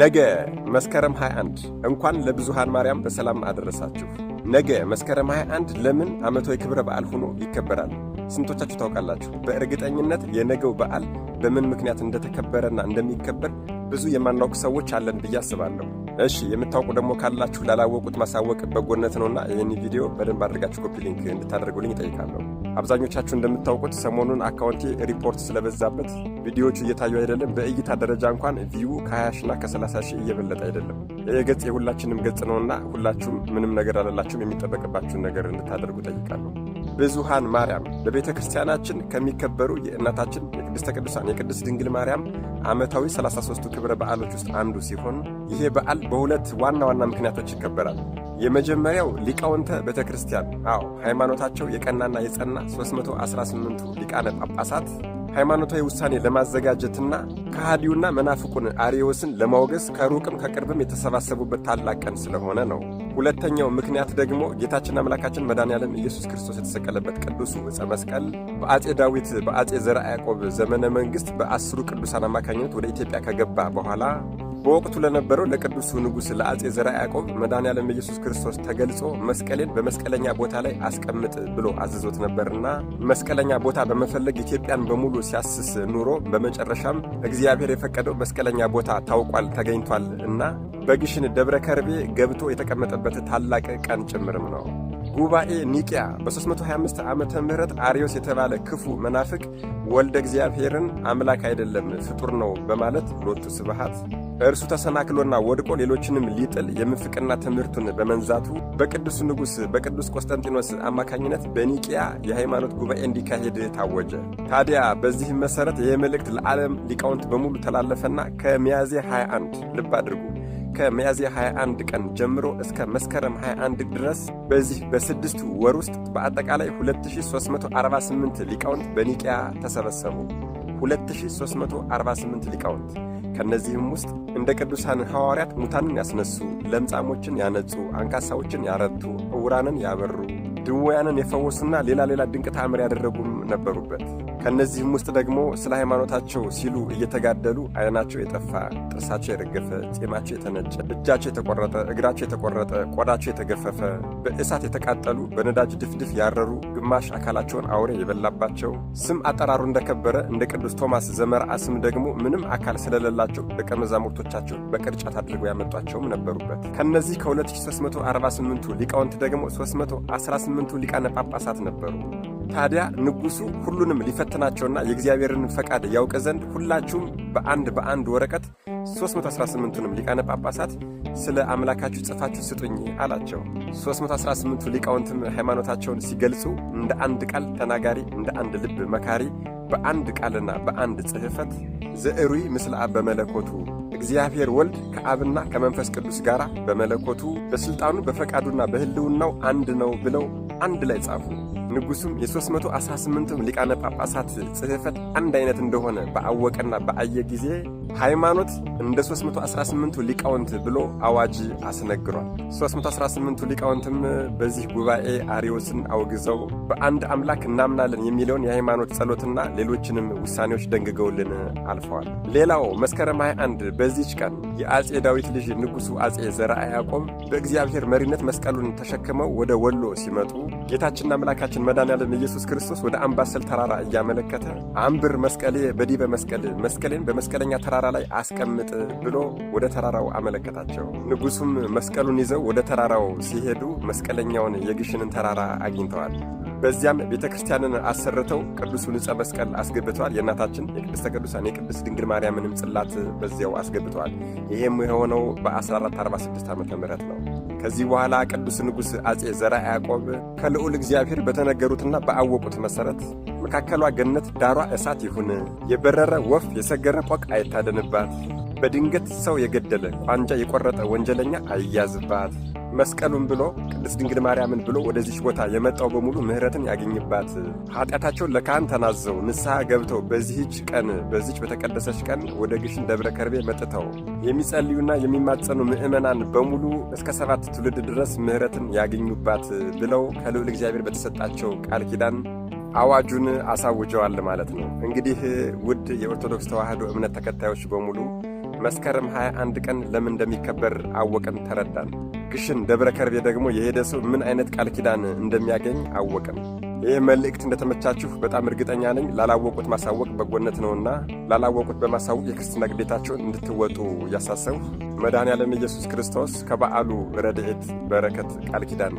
ነገ መስከረም 21 እንኳን ለብዙሃን ማርያም በሰላም አደረሳችሁ። ነገ መስከረም 21 ለምን ዓመታዊ ክብረ በዓል ሆኖ ይከበራል? ስንቶቻችሁ ታውቃላችሁ? በእርግጠኝነት የነገው በዓል በምን ምክንያት እንደተከበረና እንደሚከበር ብዙ የማናውቅ ሰዎች አለን ብዬ አስባለሁ። እሺ የምታውቁ ደግሞ ካላችሁ ላላወቁት ማሳወቅ በጎነት ነውና ይህን ቪዲዮ በደንብ አድርጋችሁ ኮፒ ሊንክ እንድታደርጉልኝ ይጠይቃለሁ። አብዛኞቻችሁ እንደምታውቁት ሰሞኑን አካውንቴ ሪፖርት ስለበዛበት ቪዲዮዎቹ እየታዩ አይደለም። በእይታ ደረጃ እንኳን ቪዩ ከ20 ሺና ከ30 ሺ እየበለጠ አይደለም። የገጽ የሁላችንም ገጽ ነውና ሁላችሁም ምንም ነገር አላላችሁም። የሚጠበቅባችሁን ነገር እንድታደርጉ ጠይቃለሁ። ብዙሃን ማርያም በቤተ ክርስቲያናችን ከሚከበሩ የእናታችን የቅድስተ ቅዱሳን የቅድስት ድንግል ማርያም ዓመታዊ 33ቱ ክብረ በዓሎች ውስጥ አንዱ ሲሆን ይሄ በዓል በሁለት ዋና ዋና ምክንያቶች ይከበራል። የመጀመሪያው ሊቃውንተ ቤተ ክርስቲያን አዎ ሃይማኖታቸው የቀናና የጸና 318ቱ ሊቃነ ጳጳሳት ሃይማኖታዊ ውሳኔ ለማዘጋጀትና ከሃዲውና መናፍቁን አሪዮስን ለማውገዝ ከሩቅም ከቅርብም የተሰባሰቡበት ታላቅ ቀን ስለሆነ ነው። ሁለተኛው ምክንያት ደግሞ ጌታችን አምላካችን መድኃኔ ዓለም ኢየሱስ ክርስቶስ የተሰቀለበት ቅዱሱ ዕፀ መስቀል በአፄ ዳዊት በአፄ ዘርዓ ያዕቆብ ዘመነ መንግሥት በአስሩ ቅዱሳን አማካኝነት ወደ ኢትዮጵያ ከገባ በኋላ በወቅቱ ለነበረው ለቅዱሱ ንጉሥ ለአፄ ዘርዓ ያዕቆብ መድኃኔዓለም ኢየሱስ ክርስቶስ ተገልጾ መስቀሌን በመስቀለኛ ቦታ ላይ አስቀምጥ ብሎ አዝዞት ነበርና መስቀለኛ ቦታ በመፈለግ ኢትዮጵያን በሙሉ ሲያስስ ኑሮ በመጨረሻም እግዚአብሔር የፈቀደው መስቀለኛ ቦታ ታውቋል፣ ተገኝቷል እና በግሽን ደብረ ከርቤ ገብቶ የተቀመጠበት ታላቅ ቀን ጭምርም ነው። ጉባኤ ኒቅያ በ325 ዓመተ ምህረት አሪዮስ የተባለ ክፉ መናፍቅ ወልደ እግዚአብሔርን አምላክ አይደለም ፍጡር ነው በማለት ሎቱ ስብሃት እርሱ ተሰናክሎና ወድቆ ሌሎችንም ሊጥል የምንፍቅና ትምህርቱን በመንዛቱ በቅዱስ ንጉሥ በቅዱስ ቆስጠንጢኖስ አማካኝነት በኒቅያ የሃይማኖት ጉባኤ እንዲካሄድ ታወጀ። ታዲያ በዚህም መሠረት ይህ መልእክት ለዓለም ሊቃውንት በሙሉ ተላለፈና ከሚያዝያ 21 ልብ አድርጉ ከሚያዝያ 21 ቀን ጀምሮ እስከ መስከረም 21 ድረስ በዚህ በስድስቱ ወር ውስጥ በአጠቃላይ 2348 ሊቃውንት በኒቅያ ተሰበሰቡ። 2348 ሊቃውንት ከእነዚህም ውስጥ እንደ ቅዱሳን ሐዋርያት ሙታንን ያስነሱ፣ ለምጻሞችን ያነጹ፣ አንካሳዎችን ያረቱ፣ ዕውራንን ያበሩ፣ ድውያንን የፈወሱና ሌላ ሌላ ድንቅ ታምር ያደረጉም ነበሩበት። ከእነዚህም ውስጥ ደግሞ ስለ ሃይማኖታቸው ሲሉ እየተጋደሉ አይናቸው የጠፋ፣ ጥርሳቸው የረገፈ፣ ጢማቸው የተነጨ፣ እጃቸው የተቆረጠ፣ እግራቸው የተቆረጠ፣ ቆዳቸው የተገፈፈ፣ በእሳት የተቃጠሉ፣ በነዳጅ ድፍድፍ ያረሩ፣ ግማሽ አካላቸውን አውሬ የበላባቸው፣ ስም አጠራሩ እንደከበረ እንደ ቅዱስ ቶማስ ዘመርዓ ስም ደግሞ ምንም አካል ስለሌላቸው ደቀ መዛሙርቶቻቸው በቅርጫት አድርገው ያመጧቸውም ነበሩበት። ከእነዚህ ከ2348ቱ ሊቃውንት ደግሞ 318ቱ ሊቃነ ጳጳሳት ነበሩ። ታዲያ ንጉሡ ሁሉንም ሊፈትናቸውና የእግዚአብሔርን ፈቃድ ያውቅ ዘንድ ሁላችሁም በአንድ በአንድ ወረቀት 318ቱንም ሊቃነ ጳጳሳት ስለ አምላካችሁ ጽፋችሁ ስጡኝ አላቸው። 318ቱ ሊቃውንትም ሃይማኖታቸውን ሲገልጹ እንደ አንድ ቃል ተናጋሪ፣ እንደ አንድ ልብ መካሪ፣ በአንድ ቃልና በአንድ ጽሕፈት ዘእሩይ ምስለ አብ በመለኮቱ እግዚአብሔር ወልድ ከአብና ከመንፈስ ቅዱስ ጋር በመለኮቱ በሥልጣኑ በፈቃዱና በሕልውናው አንድ ነው ብለው አንድ ላይ ጻፉ። ንጉሡም የ318ቱም ሊቃነ ጳጳሳት ጽሕፈት አንድ አይነት እንደሆነ በአወቀና በአየ ጊዜ ሃይማኖት እንደ 318ቱ ሊቃውንት ብሎ አዋጅ አስነግሯል። 318ቱ ሊቃውንትም በዚህ ጉባኤ አሪዎስን አውግዘው በአንድ አምላክ እናምናለን የሚለውን የሃይማኖት ጸሎትና ሌሎችንም ውሳኔዎች ደንግገውልን አልፈዋል። ሌላው መስከረም 21 በዚች ቀን የአፄ ዳዊት ልጅ ንጉሡ አፄ ዘርዓ ያዕቆብ በእግዚአብሔር መሪነት መስቀሉን ተሸክመው ወደ ወሎ ሲመጡ ጌታችንና አምላካችን መድኃኒዓለም ኢየሱስ ክርስቶስ ወደ አምባሰል ተራራ እያመለከተ አንብር መስቀሌ በዲበ መስቀል መስቀሌን በመስቀለኛ ተራራ ላይ አስቀምጥ ብሎ ወደ ተራራው አመለከታቸው። ንጉሱም መስቀሉን ይዘው ወደ ተራራው ሲሄዱ መስቀለኛውን የግሽንን ተራራ አግኝተዋል። በዚያም ቤተ ክርስቲያንን አሰርተው ቅዱሱን ዕፀ መስቀል አስገብተዋል። የእናታችን የቅድስተ ቅዱሳን የቅድስት ድንግል ማርያምንም ጽላት በዚያው አስገብተዋል። ይህም የሆነው በ1446 ዓ ም ነው። ከዚህ በኋላ ቅዱስ ንጉሥ አጼ ዘርዓ ያዕቆብ ከልዑል እግዚአብሔር በተነገሩትና በአወቁት መሠረት መካከሏ ገነት ዳሯ እሳት ይሁን፣ የበረረ ወፍ የሰገረ ቆቅ አይታደንባት፣ በድንገት ሰው የገደለ ቋንጃ የቈረጠ ወንጀለኛ አይያዝባት መስቀሉን ብሎ ቅድስት ድንግል ማርያምን ብሎ ወደዚች ቦታ የመጣው በሙሉ ምሕረትን ያገኝባት ኃጢአታቸውን ለካህን ተናዘው ንስሐ ገብተው በዚህች ቀን በዚች በተቀደሰች ቀን ወደ ግሽን ደብረ ከርቤ መጥተው የሚጸልዩና የሚማጸኑ ምእመናን በሙሉ እስከ ሰባት ትውልድ ድረስ ምሕረትን ያገኙባት ብለው ከልዑል እግዚአብሔር በተሰጣቸው ቃል ኪዳን አዋጁን አሳውጀዋል ማለት ነው። እንግዲህ ውድ የኦርቶዶክስ ተዋሕዶ እምነት ተከታዮች በሙሉ መስከረም 21 ቀን ለምን እንደሚከበር አወቅን፣ ተረዳን። ግሽን ደብረ ከርቤ ደግሞ የሄደ ሰው ምን አይነት ቃል ኪዳን እንደሚያገኝ አወቅን። ይህ መልእክት እንደተመቻችሁ በጣም እርግጠኛ ነኝ። ላላወቁት ማሳወቅ በጎነት ነውና ላላወቁት በማሳወቅ የክርስትና ግዴታቸውን እንድትወጡ እያሳሰቡ መድኃኔ ዓለም ኢየሱስ ክርስቶስ ከበዓሉ ረድኤት በረከት ቃል ኪዳን